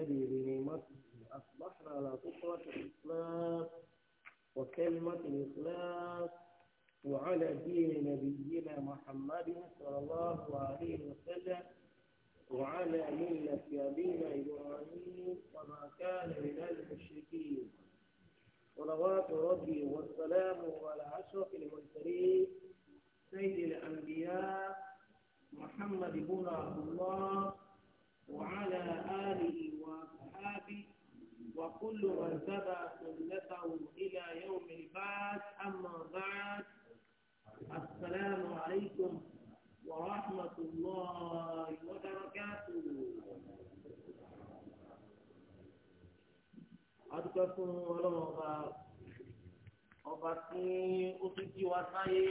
الذي بنعمته أصبحنا على فطرة الإخلاص وكلمة الإخلاص وعلى دين نبينا محمد صلى الله عليه وسلم وعلى ملة أبينا إبراهيم وما كان من المشركين صلوات ربي والسلام على أشرف المرسلين سيد الأنبياء محمد بن عبد الله وعلى آله وأصحابه وكل من تبع سنته إلى يوم البعث أما بعد السلام عليكم ورحمة الله وبركاته adúgbò fún ọlọ́run ọba ọba tí ó fi jí wa sáyé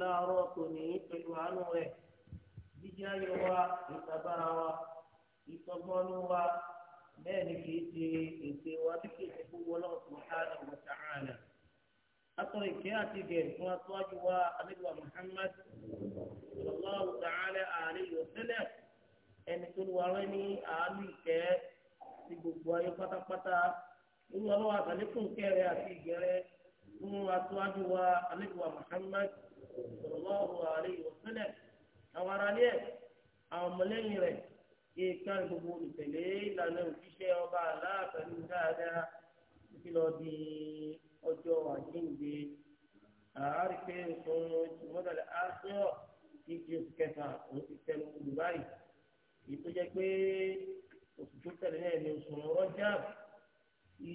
láàárọ̀ tòní pẹ̀lú àánú rẹ̀ jíjẹ́ ayọ̀ wa ìtàgbára wa ìtọ́gbọ́n ló wá bẹ́ẹ̀ ni kì í ṣe ètè wa bí kì í ṣe gbogbo ọlọ́run subhanahu wa ta'ala. atọ ìkẹ́ àti ìgẹ̀rẹ̀ fún aṣáájú wa alẹ́gbà Muhammad sallallahu ta'ala alayhi wa sallam ẹni tó lu ara ní àánú ìkẹ́ ti gbogbo ayé pátápátá nínú ọlọ́wọ́ àtàlékún kẹrẹ àti ìgẹ̀rẹ̀ fún aṣáájú wa alẹ́gbà Muhammad sallallahu alayhi wa sallam àwọn aráalé àwọn ọmọlẹ́yìn rẹ̀ kí káàrí gbogbo olùtẹ̀lé ìlànà òṣìṣẹ́ ọba aláàpẹ̀lú dáadáa títí lọ di ọjọ́ àjíǹde àárín pé nǹkan ìmọ̀dàlẹ̀ áṣọ ìdí oṣù kẹfà òun ti tẹnu olù báyìí èyí tó jẹ́ pé oṣù tó tẹ̀lé náà ni oṣù rọ́jà tí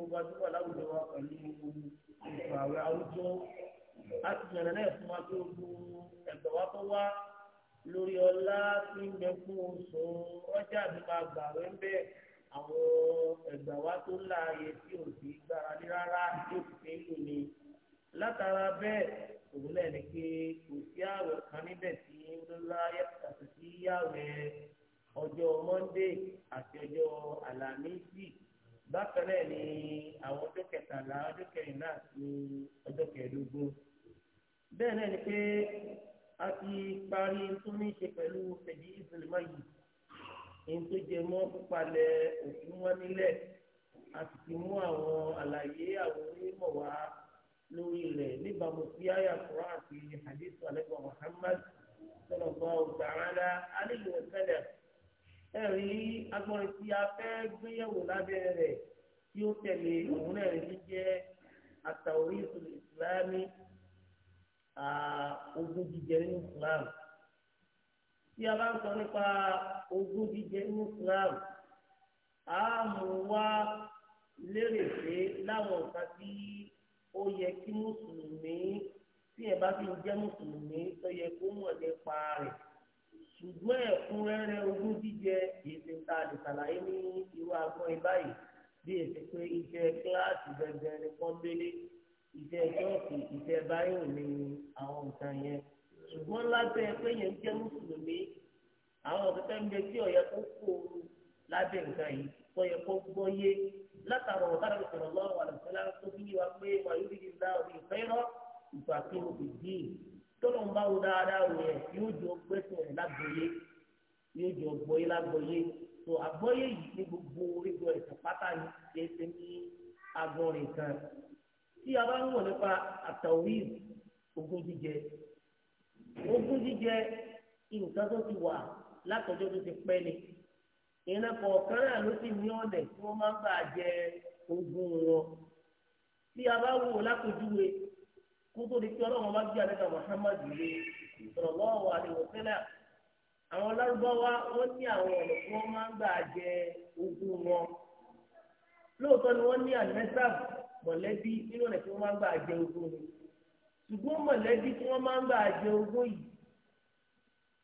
ó gbajúmọ̀ láwùjọ wa pẹ̀lú ìfàwé àwùjọ láti yànnà náà fún wa pé gbogbo ẹ̀gbọ́n wa tó wá. lórí ọlá tí ń bẹ fún oṣù ọjà mi ma gbà wẹ́ ń bẹ́ àwọn wa tó láàyè tí ò sí gbára ní rárá fi látara bẹ́ẹ̀ òun náà ní pé kò sí ààwẹ̀ kan níbẹ̀ tí monde àti ọjọ́ ni àwọn ọjọ́ kẹtàlá ọjọ́ kẹrìnlá àti ọjọ́ kẹẹ̀ẹ́dógún bẹ́ẹ̀ a ti parí tó ní ṣe pẹ̀lú fèjì ìsìnlẹ̀mọ́ yìí èyí tó jẹ mọ́ pípalẹ̀ òfin wọn nílẹ̀ a sì ti mú àwọn àlàyé àwọn onímọ̀ wá lórí rẹ̀ níbàámu sí àyà kúrò àti hadith alẹ́gbọ̀n Muhammad sallallahu ta'ala alayhi wa sallam ẹ̀rí agbọ́nrin tí a fẹ́ gbéyẹ̀wò lábẹ́ rẹ̀ tí ó tẹ̀lé òun náà ní jẹ́ àtàwí ìsìlámì ogún jíjẹ nínú Islam tí a bá ń sọ nípa ogún jíjẹ nínú Islam a mú wá lérè pé láwọn nǹkan tí ó yẹ kí mùsùlùmí tí ẹ bá fi ń jẹ́ mùsùlùmí tó yẹ kó mọ̀ nípa rẹ̀ ṣùgbọ́n ẹ̀kúnrẹ́rẹ́ ogún jíjẹ èsì ta lè ṣàlàyé ní irú agbọ́n ibáyìí bí èsì pé iṣẹ́ kíláàsì gbẹgbẹ ni pọ́nbélé ìfẹ́ ṣọ́ọ̀kì ìfẹ́ báyọ̀ ní àwọn nǹkan yẹn ṣùgbọ́n lábẹ́ pé yẹn jẹ́ mùsùlùmí àwọn òkúta ń bẹ tí ọ̀yẹ́ kó kó o lábẹ́ nǹkan yìí tó yẹ kó gbọ́ yé látàrọ̀ ọ̀tára ìṣòro lọ́wọ́ àlùfẹ́lá tó fi yé wa pé wà yóò di ìlà òbí fẹ́rọ ìgbà tó o fi dì í tó ló ń bá wo dáadáa rò yẹ yóò jọ gbẹ́sẹ̀ rẹ̀ lágbóyé yóò jọ gbọ́yé lágbóyé tó àgbọ́yé tí a bá ń wọ̀ nípa jíjẹ ogún jíjẹ nǹkan tó ti wà tó ti ni kọ̀ọ̀kan náà ní tí wọ́n máa ń gbà jẹ ogún wọn tí a bá wò lákòjúwe kó tó di pé ọlọ́run bá gbé àdéhùn Muhammad lé àwọn lárúbáwá wọ́n ní àwọn ọ̀nà tí wọ́n máa ń mọ̀lẹ́bí nínú ọ̀nà tí wọ́n máa ń gbà jẹ ogún ni ṣùgbọ́n mọ̀lẹ́bí tí wọ́n máa ń gbà jẹ ogún yìí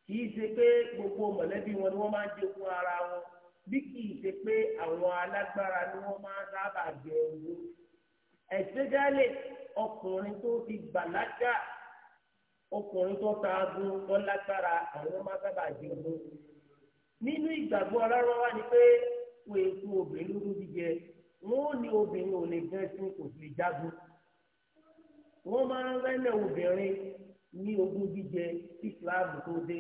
kì í ṣe pé gbogbo mọ̀lẹ́bí wọn ni wọ́n máa ń jẹ ogún ara wọn bí kì í ṣe pé àwọn alágbára ni wọ́n máa ń sábà jẹ ogún ẹ̀sẹ̀dálẹ̀ ọkùnrin tó ti gbàlágà ọkùnrin tó ta agun tó lágbára àwọn máa sábà jẹ ogún nínú ìgbàgbọ́ aláwọ̀ wá ni pé kò èso obìnrin ló dúdú jẹ wọn ò ní obìnrin ò lè gan sí kò sì lè jagun wọn máa ń rẹ́lẹ̀ obìnrin ní ogún jíjẹ tí islam tó dé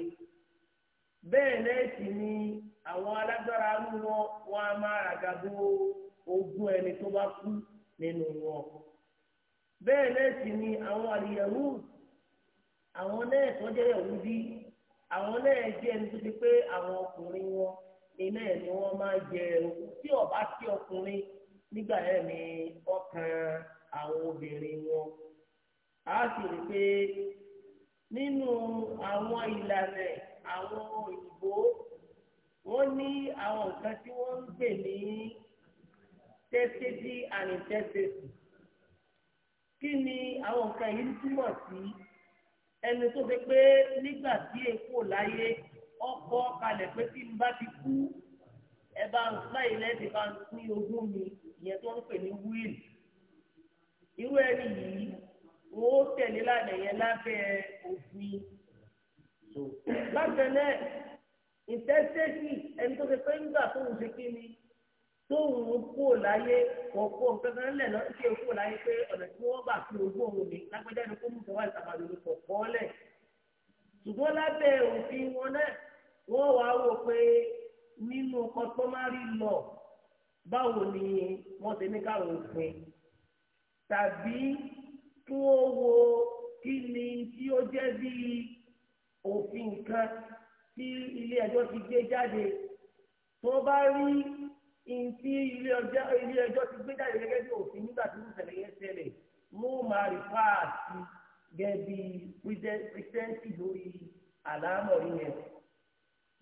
bẹ́ẹ̀ lẹ́ẹ̀sì ni àwọn alágbára ń wọn wọn a máa ràgàdo ogún ẹni tó bá kú nínú wọn bẹ́ẹ̀ lẹ́ẹ̀sì ni àwọn àlìyẹ̀wò àwọn náà tọ́jẹ́ ẹ̀wù bí àwọn náà jẹ́ ẹni tó ti pé àwọn ọkùnrin wọn iná ẹ̀ ni wọ́n máa jẹ ẹ̀rù tí ọba tí ọkùnrin nígbà yẹn ni ọkàn àwọn obìnrin wọn a sì rí pé nínú àwọn ìlànà àwọn òyìnbó wọ́n ní àwọn nǹkan tí wọ́n ń gbè ní tẹsẹsí àní tẹsẹsì kí ni àwọn nǹkan yìí túmọ̀ sí ẹni tó fi pé nígbà tí èkó láyé ọkọ kalẹ̀ pé tí n bá ti kú ẹ bá ń sáyé lẹ́sìn bá ń pín ogún mi ìyẹn tó ń pè ní wíìlì irú ẹni yìí wọ́n ó tẹ̀lé lánàá yẹn lábẹ́ òfin so lábẹ́ náà ìtẹ́sẹ́sì ẹni tó ṣe pé nígbà tó ń ṣe kí ni tóun kú láyé ọ̀pọ̀ nǹkan lẹ̀ lọ sí òkú láyé pé ọ̀nà tí wọ́n gbà fi ogún òun mi lágbẹ́dẹ́ ni kó mú kẹwàá ìsàmàlù ní kọ̀ọ̀kọ́ lẹ̀. ṣùgbọ́n lábẹ́ òfin wọn náà wọ́n wá wò pé nínú customary law báwo ni wọ́n ṣe ní káwọn òfin tàbí kí wọ́n wo kí ni tí ó jẹ́ bí òfin kan tí ilé ẹjọ́ ti gbé jáde tó bá rí ntí ilé ẹjọ́ ti gbé jáde gẹ́gẹ́ bí òfin nígbà tí wọ́n ṣẹlẹ̀ yẹn ṣẹlẹ̀ mú máa rí fáàtì gẹ́bí pírẹ́sẹ̀ntì lórí àlámọ̀ yẹn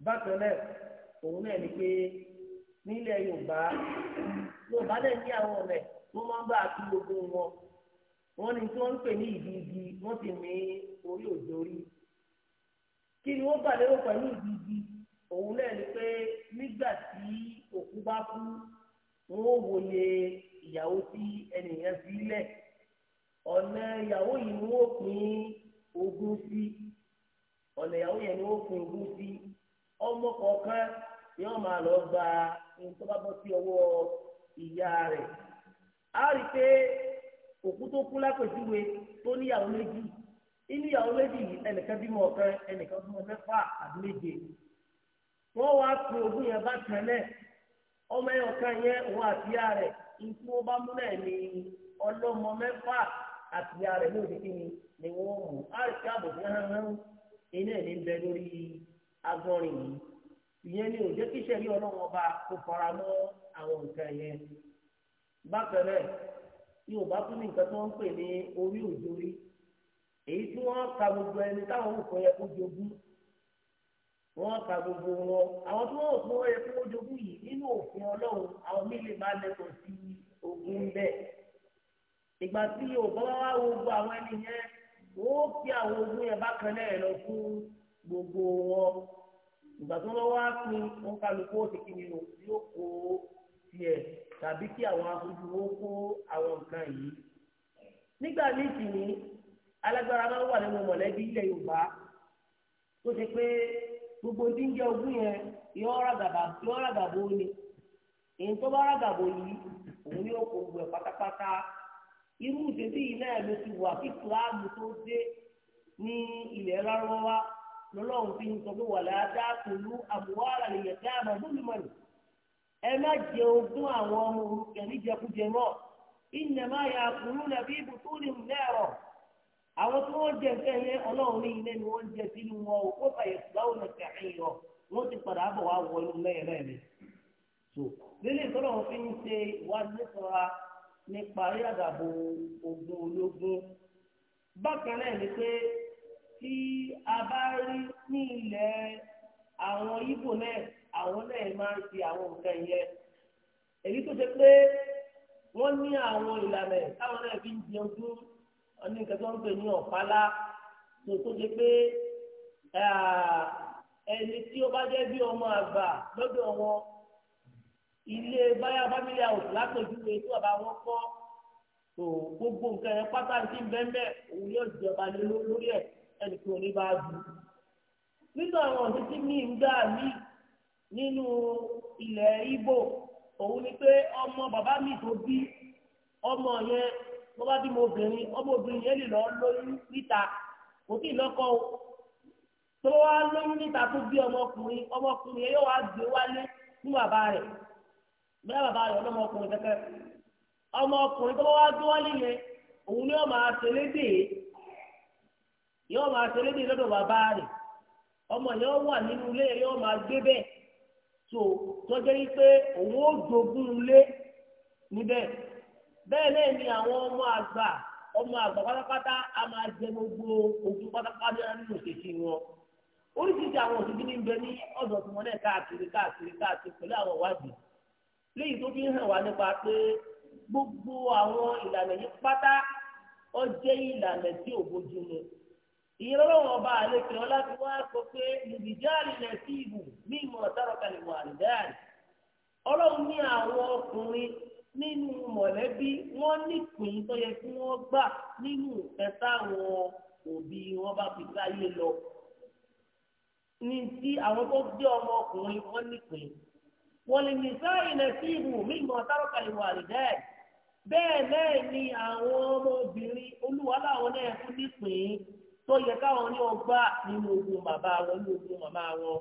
bákan náà òun náà ni pé. nílẹ̀ yorùbá yorùbá dẹ̀ ní àwọn ọ̀rẹ́ tó máa ń bá àti gbogbo wọn wọn ni tí wọ́n ń pè ní ìdí igi wọ́n ti ní orí òjòrí kí ni wọ́n gbà lérò pẹ̀lú ìdí igi òun náà ni pé nígbà tí òkú bá kú wọn ò wòye ìyàwó tí fi lẹ̀ ọ̀nà ìyàwó yìí ni ogún sí ọ̀nà ìyàwó yóò máa lọ gba ohun bá bọ́ sí ọwọ́ ìyá rẹ̀ a rí i pé òkú tó kú lápèjúwe tó níyàwó méjì níyàwó méjì yìí ẹnìkan bímọ ọ̀kan ẹnìkan bímọ mẹ́fà àbí méje wọ́n wá pe ogún yẹn bá tẹ̀ ọmọ ẹ̀yọ̀ kan yẹn òun rẹ̀ ikú ó bá ní ọlọ́mọ rẹ̀ ni ni wọ́n mú rí i pé àbòsí hàn hàn iná ẹ̀ ìyẹn ni ò jẹ́ kí sẹ́rí ọlọ́run ọba kò fara mọ́ àwọn nǹkan yẹn bákan tí yóò bá tún ní nǹkan ń pè ní orí òjòrí èyí tí wọ́n ka gbogbo ẹni táwọn òkò yẹ kó wọ́n ka gbogbo wọn àwọn tí wọ́n yẹ yìí nínú òfin ọlọ́run àwọn bá lẹ́kọ̀ọ́ sí ìgbà tó lọ wá pin wọn kálukú ó ti kí nínú yóò kó tiẹ̀ tàbí kí àwọn kó àwọn nǹkan yìí nígbà míì sì ni alágbára máa wà nínú mọ̀lẹ́bí ilẹ̀ tó ṣe pé gbogbo tí ogún yẹn yọ èyí tó bá yìí òun yóò kó gbẹ pátápátá irú ìṣesí yìí náà ló ti wà kí lọ́lọ́run fi ń sọ pé wàlá dákùlù àbúwárà lè yẹ ká àmọ́ bólúmọ̀nì ẹ má jẹ ogún àwọn ọmọ orúkẹ níjẹkújẹ mọ́ ìnàmá ya kùlù nàbí ibùsùn ní mẹ́rọ̀ àwọn tí wọ́n jẹ nǹkan yẹn ọlọ́run ní ilé ni wọ́n jẹ wọn ò kó fàyè ti padà bọ̀ wá wọ inú mẹ́rẹ̀ mi. so fi ń ṣe ìwádìí tí a bá rí ní ilẹ̀ àwọn Ìgbò náà àwọn náà máa ń fi àwọn nǹkan yẹn èyí tó ṣe pé wọ́n ní àwọn ìlànà táwọn náà fi ń jẹun dún wọ́n ní nǹkan tó ń pè ní ọ̀pálá tó tó ṣe pé ẹni tí ó bá jẹ́ bí ọmọ àgbà lọ́dọ̀ wọn ilé báyà family house látọ̀júwe tí bàbá wọn kọ́ tó gbogbo nǹkan yẹn pátá ti ń bẹ́ẹ̀ òun yóò jọba lórí ẹ̀ ẹnìkan ò ní bá dù nínú àwọn òṣìṣẹ́ míì ń gbà míì nínú ilẹ̀ Ìgbò òun ni pé ọmọ bàbá mi tó bí ọmọ yẹn tó bá bí mo obìnrin ọmọ obìnrin yẹn lè lọ lóyún níta kò tí ì lọ́kọ o tó wá lóyún níta tó bí ọmọkùnrin ọmọkùnrin yẹn yóò wá gbé wálé fún bàbá rẹ̀ bẹ́ẹ̀ bàbá rẹ̀ ọlọ́mọkùnrin kẹ́kẹ́ ọmọkùnrin tó bá wá gbé wálé yẹn òun ni ó máa yóò máa ṣeré ní lọ́dọ̀ bàbá rẹ̀ ọmọ yóò wà nínú ilé yóò máa gbé bẹ́ẹ̀ tó tọ́jọ́ yìí pé òun ó jogún ilé níbẹ̀ bẹ́ẹ̀ náà ni àwọn ọmọ àgbà ọmọ àgbà pátápátá a máa jẹ gbogbo ojú pátápátá nínú òṣèṣì wọn oríṣiríṣi àwọn òṣèṣì ní bẹ ní ọ̀dọ̀ tí náà káàkiri káàkiri káàkiri pẹ̀lú àwọn ìwádìí léyìí tó fi hàn wá nípa pé gbogbo àwọn ìlànà yìí pátá jẹ́ ìlànà tí ò bójú mu ìrọ̀lọ́wọ́ ọba àlekè ọláti wá sọ pé lùdìjáàlì lẹ̀ sí ìbò wà lùdáàlì ọlọ́run ní àwọn ọkùnrin nínú mọ̀lẹ́bí wọ́n nípìn tó yẹ kí wọ́n gbà nínú òbí wọn bá fi sáyé ọmọ ọkùnrin wọn nípìn lè wà bẹ́ẹ̀ ni àwọn ọmọbìnrin olúwa tó yẹ káwọn ní ọgbà nínú ogun bàbá wọn nínú ogun màmá wọn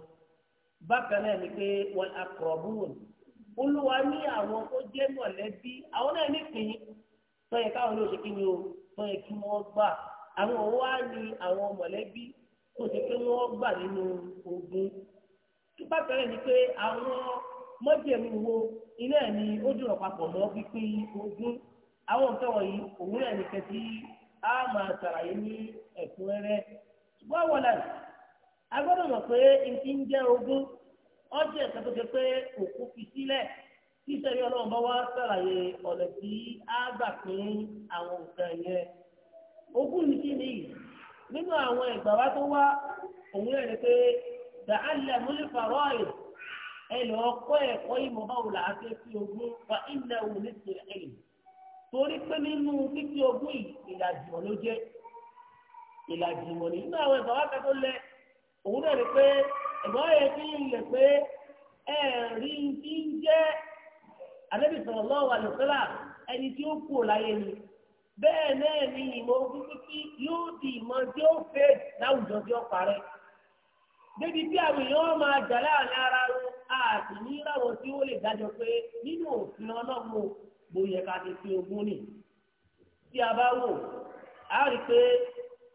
bákan náà ni pé wọn akọrọbùn olúwa ní àwọn tó jẹ mọ̀lẹ́bí àwọn náà nìkín tó yẹ káwọn ní oṣù kìíní o tó yẹ kí wọn gbà àwọn wa ní àwọn mọ̀lẹ́bí tó ṣe pé wọn gbà nínú ogun bákan náà ni pé àwọn mọ́jẹ̀mú wo ilé ẹ̀ ni ó dùn ọ̀pàpọ̀ mọ́ pípín ogún àwọn nǹkan wọ̀nyí òwúrọ̀ ẹ̀ nìkan tí á máa ṣàlàyé ní ẹ̀kúnrẹ́rẹ́ ṣùgbọ́n àwọn ọ̀la a gbọ́dọ̀ mọ̀ pé ntí ń jẹ́ ogún ọjọ́ ẹ̀ka tó ṣe pé òkú fi sílẹ̀ tí sẹ́yìn ọlọ́run bá wá ṣàlàyé ọ̀nà tí a gbà pín àwọn nǹkan yẹn ogún kí ni nínú àwọn torí pé nínú fífi ogún yìí ìlàjì wọn ló jẹ ìlàjì wọn ni nínú àwọn ìgbà wákàtí tó lẹ òun náà ni pé ẹgbẹ́ wọn yẹ kí n lè pé ẹ rí ti ń jẹ́ ànábì sallallahu alaihi wasallam ẹni tí ó kú láyé ni bẹ́ẹ̀ náà ni ìmọ̀ ogún pípí yóò di ìmọ̀ tí ó fẹ́ láwùjọ tí ó parẹ́ débi tí àwọn èèyàn máa jà láàrin ara wọn àti ní ìràwọ̀ tí ó lè dájọ́ pé nínú òfin ọlọ́run bó yẹ ká ti pín ogún nì tí a bá wò á rí i pé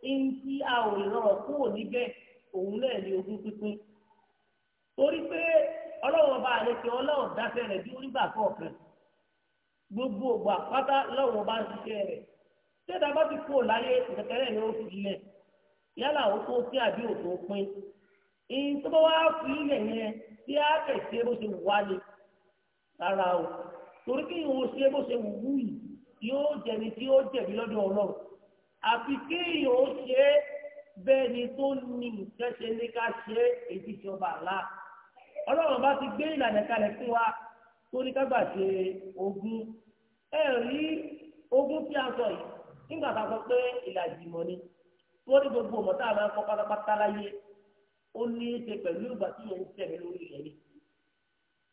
ń tí a ò rọrọ kúrò níbẹ̀ òun náà ní ogún pínpín torí pé ọlọ́wọ́n bá gbogbo ògbà pátá lọ́wọ́n bá ń ṣiṣẹ́ rẹ̀ tẹ́tà bá ti kúrò láyé ìtẹ̀tẹ̀rẹ̀ ni ó fi ilẹ̀ yálà ó tó sí àbí òtó pín fi ilẹ̀ yẹn tí a o. torí kí ìwọ ṣe bó ṣe wù wú yìí yóò jẹni tí ó jẹ̀bi lọ́dọ̀ ọlọ́run àfi kí ìwọ ṣe bẹ́ẹ̀ ni tó ní ìtẹ́ṣe ní ká ṣe èdè ìṣọba àlá ọlọ́run bá ti gbé ìlànà kalẹ̀ fún wa tó ní ká gbà ṣe ogún ẹ rí ogún tí a sọ yìí nígbà tá a sọ pé ìlàjì mọ̀ ni tó ní gbogbo ọmọ tá a máa ń pátápátá láyé ó ní í ṣe pẹ̀lú ìgbà tí yẹn ń tẹ̀lé lórí rẹ̀ ni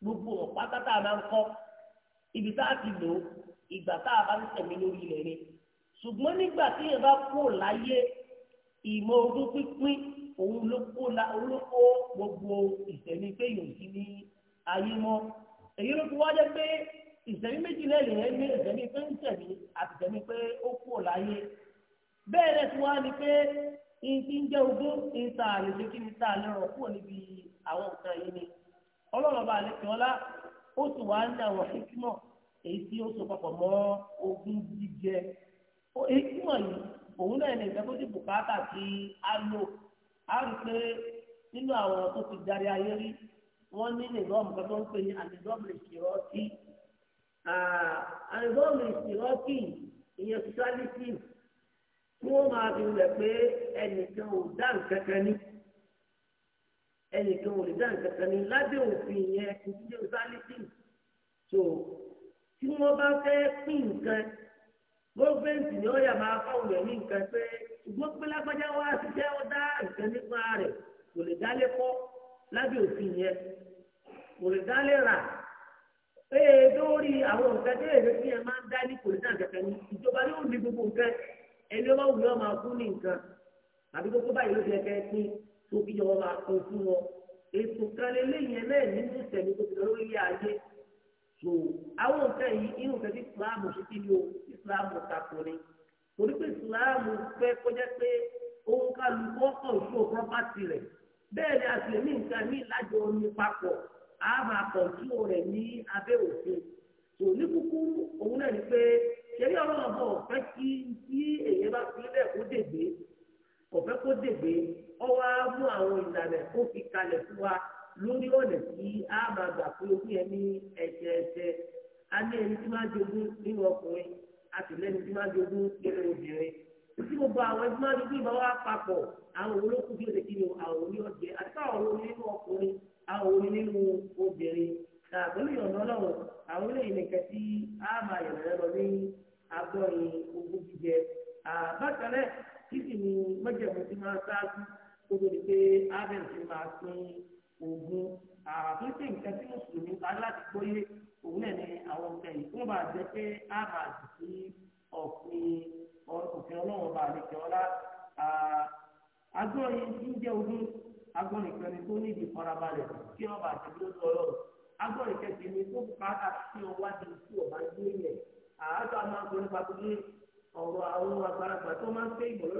gbogbo ọ̀pá tá a máa ń ibi tá a ti lò ìgbà tá a bá ń tẹ̀mí lórí ilẹ̀ ni ṣùgbọ́n nígbà tí yẹn bá kó láyé ìmọ̀ ogún pínpín òun ló kó gbogbo ìtẹ̀mí pé yòó sí ní ayé mọ́ èyí ló fi wá jẹ́ pé ìtẹ̀mí méjì náà lè ní ìtẹ̀mí pé ń tẹ̀mí àti ìtẹ̀mí pé ó kó láyé bẹ́ẹ̀ rẹ̀ tí wá ni pé ìdí ń jẹ́ ogún ìta àlejò kí ni ta lè rọ̀ kúrò níbi àwọn nǹkan yìí ni ọlọ́run ọba àlejò ọlá ó sì wá ní àwọn hikima èyí tí ó so papọ̀ mọ́ ogún jíjẹ hikima yìí òun náà ní ìfẹ́ tó ti bùkátà sí alo a rí pé nínú àwọn tó ti darí ayé rí wọ́n ní nìgbọ́mù kan tó ń pè ní ànìgbọ́mù ìṣirọ́tì ànìgbọ́mù ìṣirọ́tì ìyẹn socialism tí wọ́n máa fi rẹ̀ pé ẹnìkan ò dá nǹkan kan ní ẹnìkan ò lè dá nǹkan kan ní lábẹ́ òfin yẹn ìdílé ọ̀sálítì so tí wọ́n bá fẹ́ pín nǹkan gọ́ọ̀mẹ̀ntì ni ọ̀yà máa fáwọn ẹ̀ ní nǹkan pé ṣùgbọ́n pé lágbájá wá ṣiṣẹ́ ó dá nǹkan nípa rẹ̀ kò lè dálé kọ́ lábẹ́ òfin yẹn kò lè dálé rà ee lórí àwọn nǹkan tí èrè fi yẹn máa ń dá ní kò lè dá nǹkan kan ní ìjọba yóò ní gbogbo nǹkan ẹni ọba wùyọ́ máa kú ní nǹkan àbí gbogbo báyìí ló ti ẹ tó kí ìjọba máa kó fún wọn ètò kan lélẹ́yìn ẹ̀ náà nínú ìṣẹ̀lẹ̀ tó ti lọ lórí ayé so àwọn nǹkan yìí inú nǹkan tí islam ṣe kí ni o islam tako ni torí pé islam fẹ́ kọjá pé òun kálukú ọkọ̀ ìṣó property rẹ̀ bẹ́ẹ̀ ni a sì ní nǹkan ní ìlàjọ omi papọ̀ a máa rẹ̀ ní abẹ́ òfin so ní kúkúrú òun náà ni pé ṣẹlẹ ọlọ́run bọ̀ fẹ́ kí tí èyí bá fi lẹ̀ kó dègbé kò kó dègbé ọwọ́ wá mú àwọn ìlànà tó fi kalẹ̀ fún wa lórí ọ̀nà tí a máa gbà pé ní a ní ẹni tí máa jogún nínú ọkùnrin a sì lẹ́ni tí máa jogún nínú obìnrin tí gbogbo àwọn ẹni máa jogún papọ̀ àwọn olókùn bí àwọn nínú ọkùnrin kó tó di pé abẹ́rẹ́ sí máa pín tó ṣe nǹkan mùsùlùmí ta láti gbóyè òun náà ni àwọn yìí fún bàá jẹ pé a máa jù sí ọ̀pìn òfin ọlọ́run bá àlejò ọlá ń jẹ tó farabalẹ̀ kí ni tó sí ọwá di gbé àádọ́ àmọ́ ní ọ̀rọ̀ àwọn tó máa ń pé dúró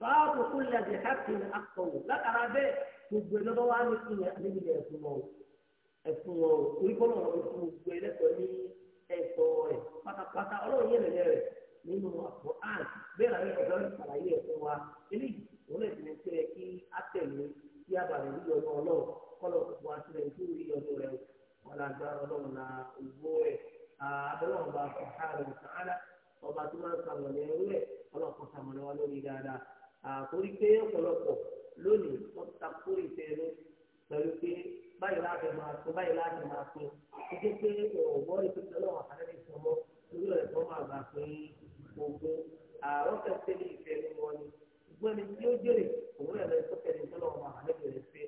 fáàtù kúlẹ̀ ti hàkì ní akọ̀wò látara bẹ́ẹ̀ gbogbo ẹ̀dọ́ bá wà ní ìpínlẹ̀ níbi ilẹ̀ ẹ̀fún wọn ẹ̀fún wọn orí kọ́ lọ́wọ́ fún gbogbo ẹlẹ́tọ̀ ní ẹ̀tọ́ pátápátá ọlọ́run nínú àpò bẹ́ẹ̀ làwọn ṣàlàyé ẹ̀fún wa eléyìí òun kí á tẹ̀lé kí á ní ọlọ́run àkórí pé ọ̀pọ̀lọpọ̀ lónìí wọ́n ta kó pẹ̀lú pé báyìí láti máa tó báyìí láti máa tó ó pé ọ̀gbọ́n ìpínlẹ̀ lórí ọ̀rẹ́ tó máa gbà pé àwọn ní wọn ni ṣùgbọ́n ẹni tí ó jèrè òun ẹ̀rọ ìfọ́kẹ́ ní ìfọlọ́wọ́ àkàlẹ́ ìfẹ́ pé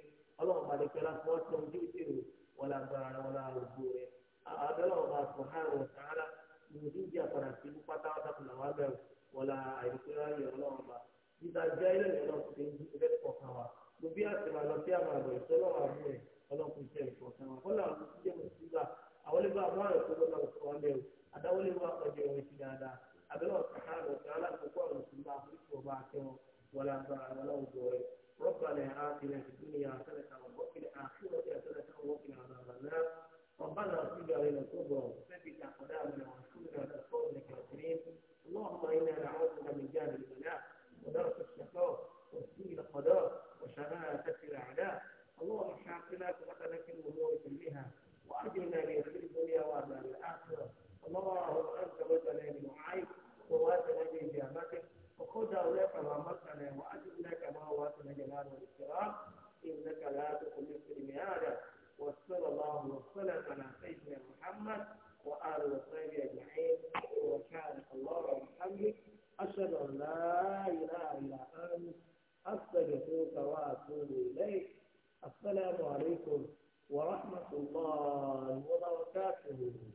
ọlọ́run ìdájọ́ ilé ìlú náà ti ń gbé kọ̀ọ̀kan wa mo bí àtìmá lọ sí àwọn àgbẹ̀ ìṣọ́lọ́ àánú ẹ̀ ọlọ́kùn iṣẹ́ ìkọ̀ọ̀kan wa kọ́lá àwọn tó jẹ́ mùsùlùmá àwọn lè bá àwọn àrùn tó lọ́nà òkú wọn lẹ́wọ̀ àdáwọ́ lè wá ọjọ́ ìwọ̀n ti dáadáa àbẹ̀wò sàkárà ọ̀sán alákòókò àwọn mùsùlùmá àforíṣi ọba akẹ́wọn wọlé agbára àwọn aláwùjọ rẹ̀ ربنا آتنا في الدنيا حسنة وفي الآخرة حسنة وقنا عذاب النار ربنا اغفر لنا الكبر وثبت أقدامنا وانصرنا على القوم الكافرين اللهم إنا نعوذ بك من جهل البلاء ودرس الشقاء وسبيل القضاء وشماتة الأعداء